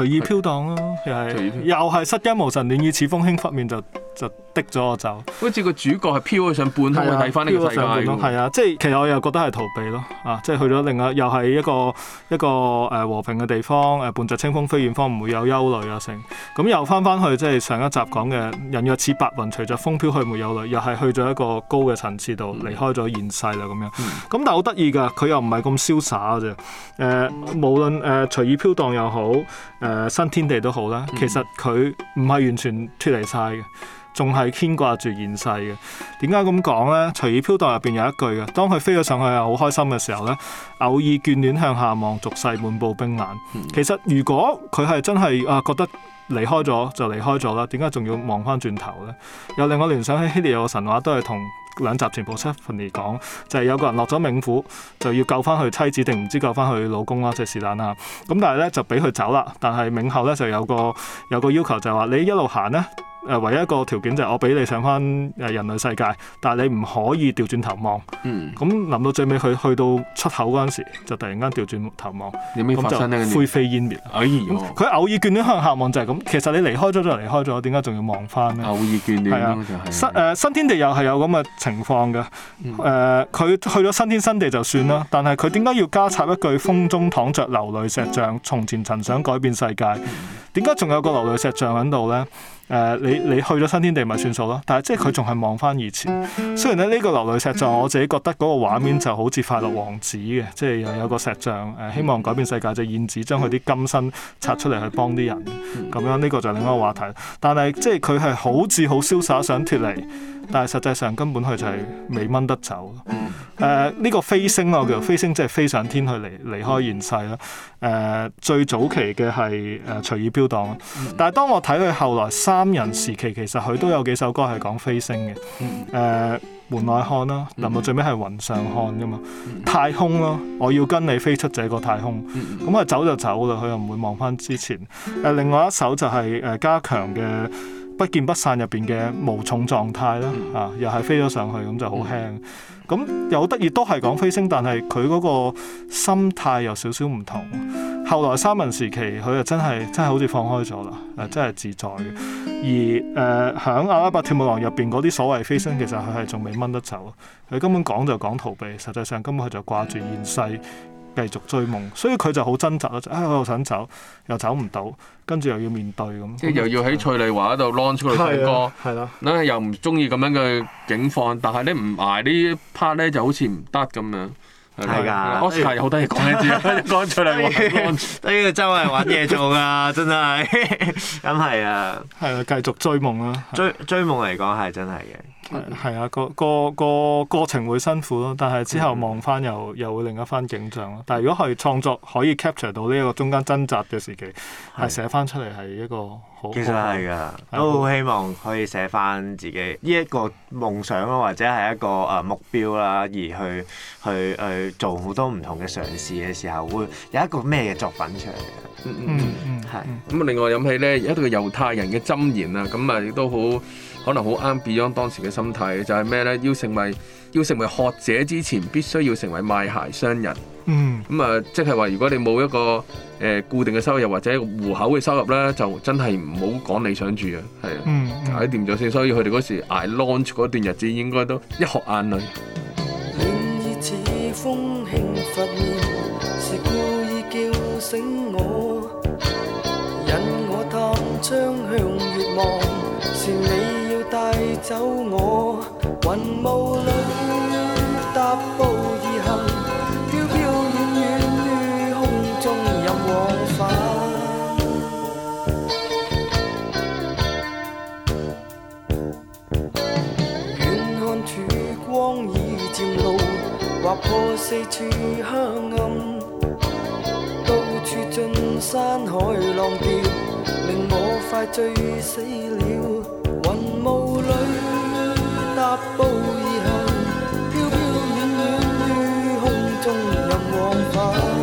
隨意飄蕩咯、啊，又係又係失驚無神，暖意似風輕拂面就，就就滴咗我走。好似個主角係飄、啊、飄去上半空，睇翻呢個世界咯。係啊，即係其實我又覺得係逃避咯，啊，即係去咗另外又係一個一個誒和平嘅地方，誒伴著清風飛遠方，唔會有憂慮嘅事。咁又翻翻去即係上一集講嘅人若似白雲，隨着風飄去沒有淚，又係去咗一個高嘅層次度，離開咗現世啦咁樣。咁、嗯、但係好得意㗎，佢又唔係咁瀟灑嘅。誒、呃，無論誒、呃、隨意飄蕩又好，誒、呃、新天地都好啦。其實佢唔係完全脱離晒嘅。仲係牽掛住現世嘅。點解咁講呢，隨意飄蕩入邊有一句嘅，當佢飛咗上去啊，好開心嘅時候呢，偶爾眷戀向下望，俗世滿布冰冷。嗯、其實如果佢係真係啊，覺得離開咗就離開咗啦，點解仲要望翻轉頭呢？有令我聯想喺希臘有個神話，都係同兩集全部七分嚟講，就係、是、有個人落咗冥府就要救翻佢妻子，定唔知救翻佢老公啦，即、就、係是但啦。咁但係呢，就俾佢走啦，但係冥后呢，就有個有個要求就係話你一路行呢。誒唯一一個條件就係我俾你上翻誒人類世界，但係你唔可以調轉頭望。咁臨、嗯、到最尾佢去，去到出口嗰陣時，就突然間調轉頭望。有咩發生呢？咁就灰飛煙滅。哎喲！佢、哦、偶爾眷戀向下望就係咁。其實你離開咗就離開咗，點解仲要望翻呢？偶爾眷戀係、就是、啊。新、呃、誒新天地又係有咁嘅情況嘅誒，佢、嗯呃、去咗新天新地就算啦。但係佢點解要加插一句風中躺着流淚石像，從前曾想改變世界？點解仲有個流淚石像喺度呢？誒、呃、你你去咗新天地咪算數咯，但係即係佢仲係望翻以前。雖然咧呢個流淚石像，我自己覺得嗰個畫面就好似快樂王子嘅，即係有個石像誒、呃、希望改變世界，即、就、係、是、燕子將佢啲金身拆出嚟去幫啲人咁樣。呢個就另一個話題，但係即係佢係好似好瀟灑，想脫離。但係實際上根本佢就係未掹得走、mm。誒、hmm. 呢、呃這個飛升我叫飛升，即係飛上天去離離開現世啦。誒、呃、最早期嘅係誒隨意飄蕩。但係當我睇佢後來三人時期，其實佢都有幾首歌係講飛升嘅。誒、mm hmm. 呃、門外看啦，到最尾係雲上看㗎嘛。太空啦，我要跟你飛出這個太空。咁啊、mm hmm. 走就走啦，佢又唔會望返之前。誒、呃、另外一首就係誒加強嘅。不見不散入邊嘅無重狀態啦，嚇、啊、又係飛咗上去咁就好輕，咁有得意，都係講飛升，但係佢嗰個心態有少少唔同。後來三文時期，佢就真係真係好似放開咗啦，誒、啊、真係自在嘅。而誒響、呃、阿拉伯跳舞郎入邊嗰啲所謂飛升，其實佢係仲未掹得走，佢根本講就講逃避，實際上根本佢就掛住現世，繼續追夢，所以佢就好掙扎咯。唉，我又想走，又走唔到，跟住又要面對咁，即係又要喺翠麗華度 launch 出去唱歌，係咯，咧又唔中意咁樣嘅境況，但係咧唔捱呢 part 咧就好似唔得咁樣。係㗎，嗰係好得意講呢啲，講出嚟我呢個周圍揾嘢做㗎，真係，咁係啊！係啊，繼續追夢啦，追追夢嚟講係真係嘅。係啊，個個個過程會辛苦咯，但係之後望翻又又會另一番景象咯。但係如果可以創作，可以 capture 到呢一個中間掙扎嘅時期，係寫翻出嚟係一個好。其實係㗎，都好希望可以寫翻自己呢一個夢想啊，或者係一個誒目標啦，而去去去。做好多唔同嘅嘗試嘅時候，會有一個咩嘅作品出嚟？嗯嗯嗯，係。咁啊，另外諗起咧，有一段猶太人嘅箴言啊，咁啊，亦都好可能好啱 Beyond 當時嘅心態就係咩咧？要成為要成為學者之前，必須要成為賣鞋商人。嗯。咁啊，即係話，如果你冇一個誒、呃、固定嘅收入或者個戶口嘅收入咧，就真係唔好講理想住啊，係啊。嗯。Mm, mm, 解掂咗先，所以佢哋嗰時捱 launch 嗰段日子，應該都一學眼淚。風輕拂面，是故意叫醒我，引我探窗向月望，是你要帶走我，雲霧裏。破四處黑暗，到處盡山海浪疊，令我快醉死了。雲霧裏踏步而行，飄飄遠遠於空中任往返。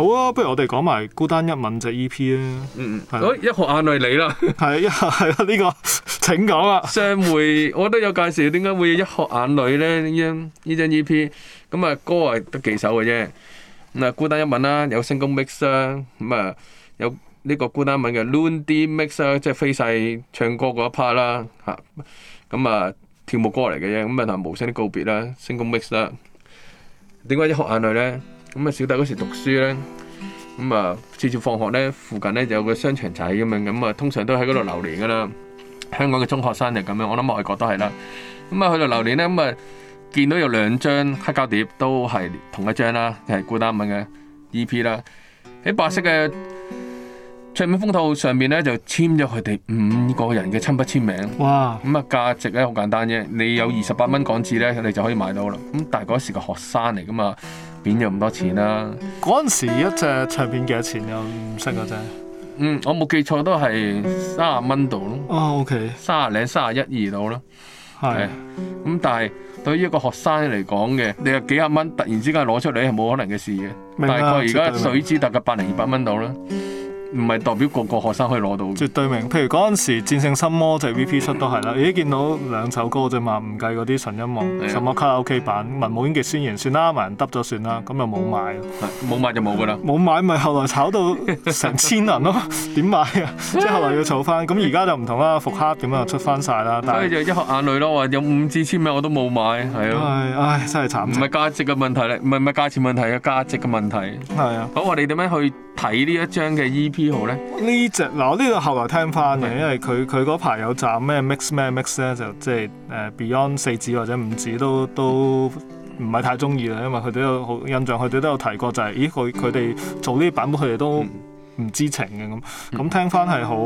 好啊，不如我哋講埋《孤單一吻》隻 E.P. 啊，嗯嗯，係一殼眼淚你啦，係啊係啊，呢個請講啊。上回我都有介紹，點解會一殼眼淚咧？呢張呢隻 E.P. 咁啊歌係得幾首嘅啫，咁啊《孤單一吻》啦，有星宮 mix 啦，咁啊有呢個《孤單一吻》嘅 Loon D Mix 啦，即係飛晒唱歌嗰 part 啦，吓，咁啊跳舞歌嚟嘅啫，咁啊同無聲的告別啦，星宮 mix 啦，點解一殼眼淚咧？咁啊，小弟嗰時讀書咧，咁、嗯、啊，次次放學咧，附近咧就有個商場仔咁樣，咁、嗯、啊，通常都喺嗰度流連噶啦。香港嘅中學生就咁樣，我諗外國都係啦。咁、嗯、啊，去到流連咧，咁、嗯、啊，見到有兩張黑膠碟，都係同一張啦，係顧丹敏嘅 EP 啦。喺白色嘅唱片封套上面咧，就簽咗佢哋五個人嘅親筆簽名。哇！咁啊、嗯，價值咧好簡單啫，你有二十八蚊港紙咧，你就可以買到啦。咁但係嗰時個學生嚟噶嘛。邊有咁多錢啦、啊？嗰陣時一隻唱片幾多錢、啊？又唔識嗰陣。嗯，我冇記錯都係三十蚊度咯。哦 OK 三十零、三十一二度咯。係是。咁、嗯、但係對於一個學生嚟講嘅，你話幾十蚊突然之間攞出嚟係冇可能嘅事嘅。明白。大概而家水之特嘅百零二百蚊度啦。唔係代表個個學生可以攞到。絕對明，譬如嗰陣時戰勝心魔就係 V P 出都係啦。咦，見到兩首歌啫嘛，唔計嗰啲純音樂、純麥卡拉 OK 版、文武英傑宣言，算啦，埋人揼咗算啦，咁就冇買。係冇買就冇㗎啦。冇買咪後來炒到成千人咯，點買啊？即係後來要儲翻，咁而家就唔同啦，復刻點啊出翻曬啦。所以就一盒眼淚咯，話有五至千名我都冇買，係啊，唉真係慘。唔係價值嘅問題咧，唔係唔係價錢問題，係價值嘅問題。係啊。好，我哋點樣去？睇呢一張嘅 EP 號咧，呢隻嗱我呢個後來聽翻嘅，因為佢佢嗰排有集咩 mix 咩 mix 咧，就即係誒、呃、Beyond 四子或者五子都都唔係太中意啦，因為佢哋有好印象，佢哋都有提過就係、是，咦佢佢哋做呢啲版本佢哋都唔知情嘅咁，咁聽翻係好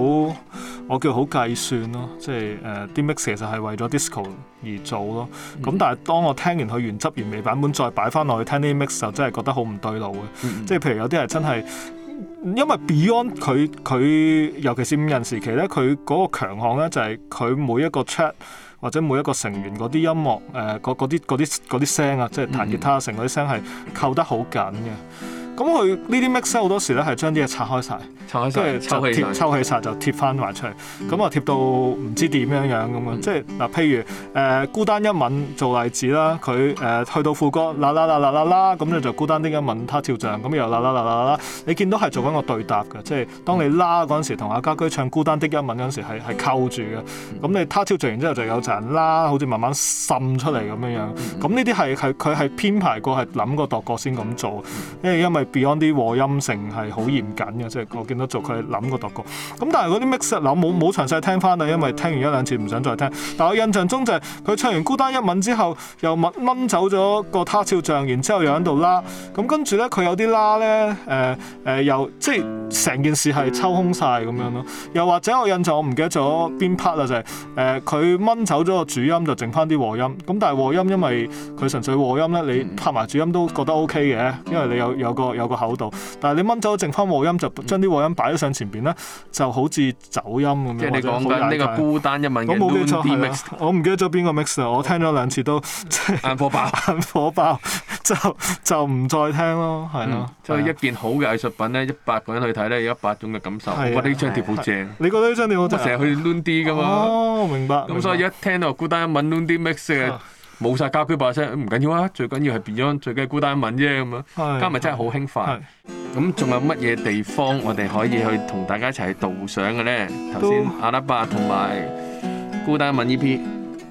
我叫好計算咯，即係誒啲、呃、mix 其實係為咗 disco 而做咯，咁但係當我聽完佢原汁原味版本再擺翻落去聽啲 mix 就真係覺得好唔對路嘅，嗯、即係譬如有啲人真係。因為 Beyond 佢佢尤其是五人時期咧，佢嗰個強項咧就係、是、佢每一個 chat 或者每一個成員嗰啲音樂誒，嗰啲啲啲聲啊，即係彈吉他成嗰啲聲係扣得好緊嘅。咁佢呢啲 mix 好多時咧係將啲嘢拆開晒，拆開曬，抽氣曬，抽氣曬就貼翻埋出嚟。咁啊貼到唔知點樣樣咁樣，即係嗱，譬如誒孤單一吻做例子啦，佢誒、呃、去到副歌啦啦啦啦啦啦，咁你就孤單的一吻他跳著，咁又啦啦啦啦啦。你見到係做緊個對答嘅，即係當你啦嗰陣時，同阿家駒唱孤單的一吻嗰陣時係係扣住嘅。咁你他跳著完之後就有陣人啦，好似慢慢滲出嚟咁樣樣。咁呢啲係係佢係編排過，係諗過度角先咁做，因為因為。Beyond 啲和音性係好嚴謹嘅，即係我見到做佢諗過度過。咁但係嗰啲 mix 咧諗冇冇詳細聽翻啊，因為聽完一兩次唔想再聽。但我印象中就係佢唱完《孤單一吻》之後，又掹掹走咗個他朝像，然之後又喺度拉。咁跟住咧，佢有啲拉咧，誒誒又即係成件事係抽空晒咁樣咯。又或者我印象我唔記得咗邊 part 啦，就係誒佢掹走咗個主音，就剩翻啲和音。咁但係和音因為佢純粹和音咧，你拍埋主音都覺得 OK 嘅，因為你有有個。有個口度，但係你掹走淨翻和音，就將啲和音擺咗上前邊咧，就好似走音咁樣。即係你講緊呢個孤單一文，我冇記錯，我唔記得咗邊個 mix 我聽咗兩次都，眼火爆，眼火爆，就就唔再聽咯，係咯。即係一件好嘅藝術品咧，一百個人去睇咧，有一百種嘅感受。我覺得呢張碟好正，你覺得呢張碟好正？成日去攣啲㗎嘛。哦，明白。咁所以一聽到孤單一文攣啲 mix 嘅。冇晒家駒把聲，唔緊要啊！最緊要係變咗，最緊係孤單文啫咁樣，是啊、今日真係好興奮。咁仲是、啊、有乜嘢地方我哋可以去同大家一齊度上嘅咧？頭先阿拉伯同埋孤單文 EP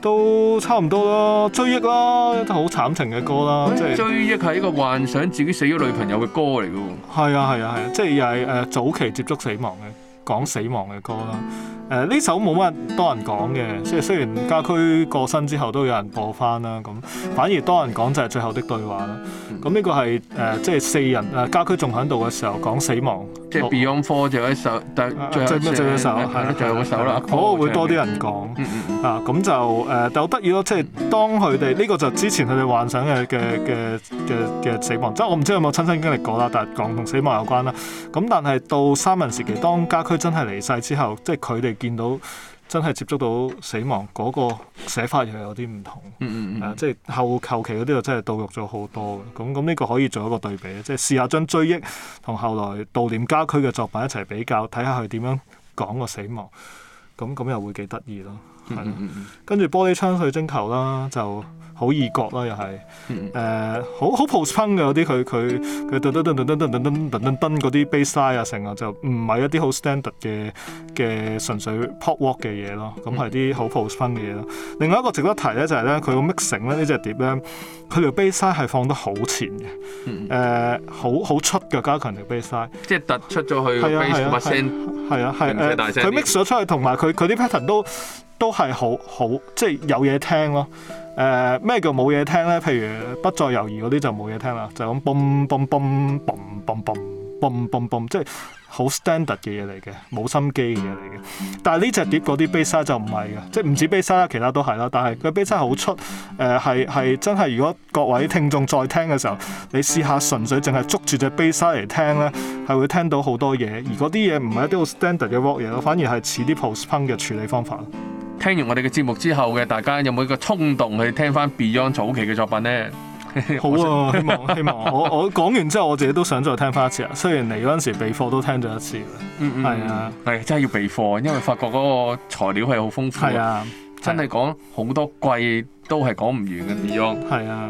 都差唔多咯，追憶啦，都好慘情嘅歌啦。即追憶係一個幻想自己死咗女朋友嘅歌嚟嘅喎。係啊係啊係啊，啊啊啊啊、即係又係誒早期接觸死亡嘅，講死亡嘅歌啦。誒呢、呃、首冇乜多人講嘅，雖雖然家駒過身之後都有人播返啦，咁反而多人講就係最後的對話啦。咁呢個係誒即係四人誒、呃、家駒仲喺度嘅時候講死亡。即係 Beyond Four 最後一首，但最後一首係啦，最後一首啦，好會多啲人講啊！咁就誒，就好得意咯。即係當佢哋呢個就之前佢哋幻想嘅嘅嘅嘅嘅死亡，即係我唔知有冇親身經歷過啦，但係講同死亡有關啦。咁但係到三人時期，當家駒真係離世之後，嗯、即係佢哋見到。真係接觸到死亡嗰、那個寫法又有啲唔同，誒、嗯嗯嗯啊，即係後後期嗰啲又真係到肉咗好多嘅。咁咁呢個可以做一個對比，即係試下將追憶同後來悼念家駒嘅作品一齊比較，睇下佢點樣講個死亡，咁咁又會幾得意咯。係啦，嗯嗯嗯跟住玻璃窗水晶球啦，就。好異覺啦，又係誒好好 post-punk 嘅嗰啲佢佢佢噔噔噔噔噔噔噔噔噔噔嗰啲 bass line 啊，成日就唔係一啲好 standard 嘅嘅純粹 pop rock 嘅嘢咯，咁係啲好 post-punk 嘅嘢咯。另外一個值得提咧就係咧佢個 mixing 咧，呢隻碟咧佢條 bass line 係放得好前嘅，誒好好出嘅，加強條 bass line，即係突出咗去嘅 bass line 嘅聲係啊係誒佢 mix 咗出去，同埋佢佢啲 pattern 都都係好好即係、就是、有嘢聽咯。誒咩叫冇嘢聽咧？譬如不再猶豫嗰啲就冇嘢聽啦，就咁嘣嘣嘣嘣嘣嘣嘣，嘣嘣即係好 standard 嘅嘢嚟嘅，冇心機嘅嘢嚟嘅。但係呢隻碟嗰啲 bass 就唔係嘅，即係唔止 bass 啦，其他都係啦。但係佢 bass 好出，誒係係真係。如果各位聽眾再聽嘅時候，你試下純粹淨係捉住隻 bass 嚟聽咧，係會聽到好多嘢。而嗰啲嘢唔係一啲好 standard 嘅 rock 嘢咯，反而係似啲 post-punk 嘅處理方法。聽完我哋嘅節目之後嘅，大家有冇一個衝動去聽翻 Beyond 早期嘅作品呢？ 好啊，希望希望 我我講完之後我自己都想再聽翻一次啊！雖然你嗰陣時備課都聽咗一次，嗯嗯，係啊，係啊，真係要備課，因為發覺嗰個材料係好豐富，啊，真係講好多季都係講唔完嘅 Beyond，係啊。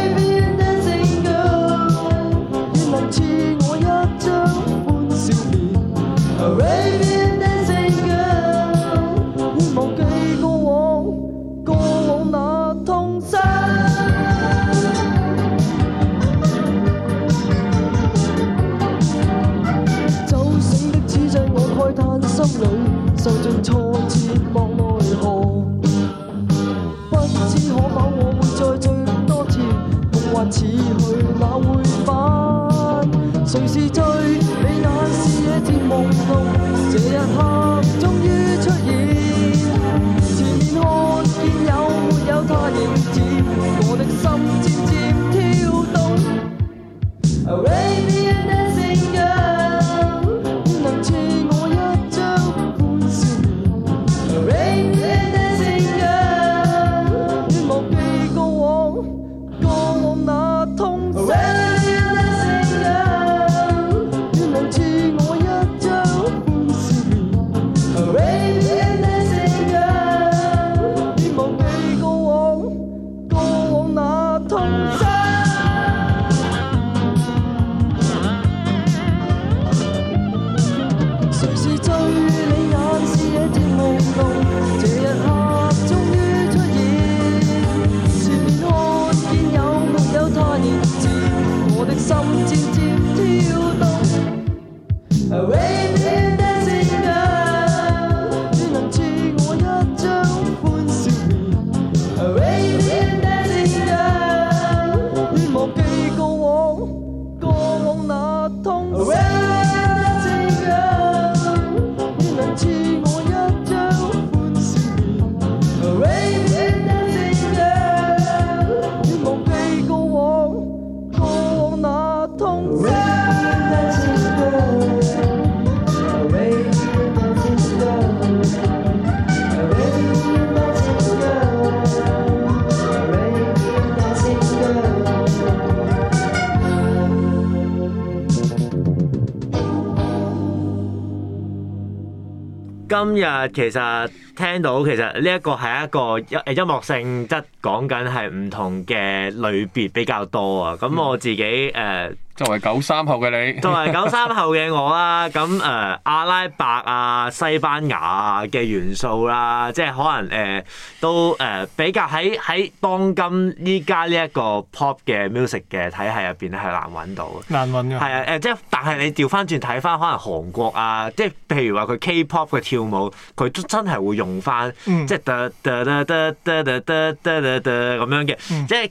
啊，其實聽到其實呢一個係一個音音樂性質，講緊係唔同嘅類別比較多啊。咁我自己誒。嗯呃作為九三後嘅你，同埋九三後嘅我啦，咁誒阿拉伯啊、西班牙啊嘅元素啦，即係可能誒都誒比較喺喺當今依家呢一個 pop 嘅 music 嘅體系入邊咧係難揾到嘅，難揾嘅，係啊誒，即係但係你調翻轉睇翻，可能韓國啊，即係譬如話佢 K-pop 嘅跳舞，佢都真係會用翻，即係得得得得得得得得得咁樣嘅，即係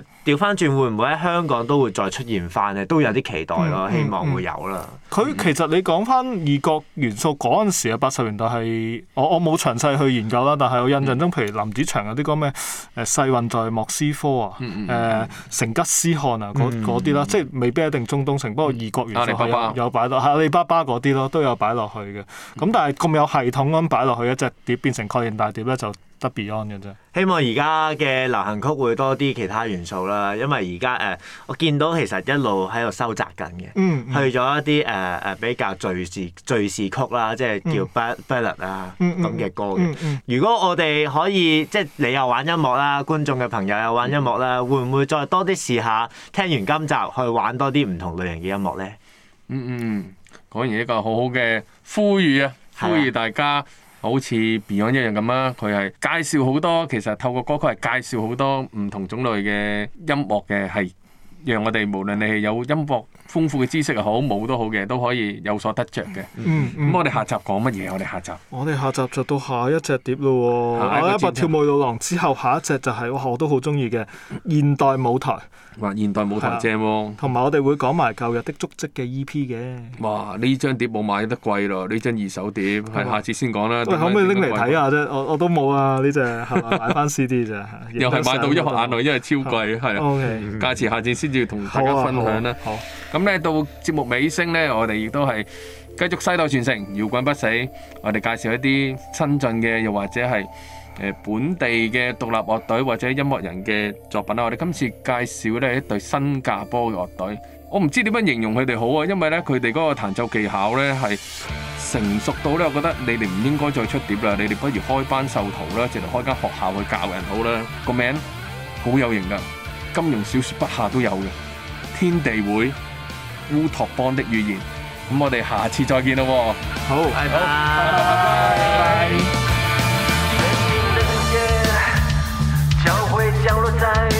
誒。調翻轉會唔會喺香港都會再出現翻咧？都有啲期待咯，希望會有啦。佢、嗯嗯、其實你講翻異國元素嗰陣時啊，八十年代係我我冇詳細去研究啦。但係我印象中，嗯、譬如林子祥有啲講咩誒，世運在莫斯科啊，誒、嗯呃、成吉思汗啊，嗰啲啦，即係未必一定中東城。不過異國元素有有擺落阿里巴巴嗰啲、啊、咯，都有擺落去嘅。咁、嗯、但係咁有系統咁擺落去一隻碟，變成概念大碟咧就。就 Beyond 嘅啫，希望而家嘅流行曲會多啲其他元素啦，因為而家誒，我見到其實一路喺度收窄緊嘅，嗯嗯、去咗一啲誒誒比較敘事敘事曲啦，即係叫 Ballad 啊咁嘅歌嘅。嗯嗯嗯嗯、如果我哋可以，即係你又玩音樂啦，觀眾嘅朋友又玩音樂啦，嗯、會唔會再多啲試下聽完今集去玩多啲唔同類型嘅音樂咧？嗯嗯，講完一個好好嘅呼籲啊，呼籲大家的。對好似 Beyond 一樣咁啦，佢係介紹好多，其實透過歌曲係介紹好多唔同種類嘅音樂嘅，係讓我哋無論你係有音樂豐富嘅知識又好，冇都好嘅，都可以有所得着嘅。嗯，咁、嗯、我哋下集講乜嘢？我哋下集我哋下集就到下一隻碟咯喎，喺《白、啊、跳舞老狼》之後，下一隻就係、是、我都好中意嘅現代舞台。哇！現代舞台正喎，同埋我哋會講埋舊日的足跡嘅 E.P. 嘅。哇！呢張碟冇買得貴咯，呢張二手碟，係下次先講啦。可唔可以拎嚟睇下啫？我我都冇啊，呢只係買翻 C.D. 咋，又係買到一盒眼淚，因為超貴，係啦。價錢下次先至同大家分享啦。好，咁咧到節目尾聲咧，我哋亦都係繼續世代傳承，搖滾不死。我哋介紹一啲新進嘅，又或者係。本地嘅獨立樂隊或者音樂人嘅作品啊，我哋今次介紹呢，係一隊新加坡嘅樂隊，我唔知點樣形容佢哋好啊，因為呢，佢哋嗰個彈奏技巧呢，係成熟到呢。我覺得你哋唔應該再出碟啦，你哋不如開班授徒啦，直頭開間學校去教人好啦，啊、個名好有型㗎，《金庸小說筆下》都有嘅，《天地會》、《烏托邦的語言》，咁我哋下次再見咯喎，好，係好，拜拜。降落在。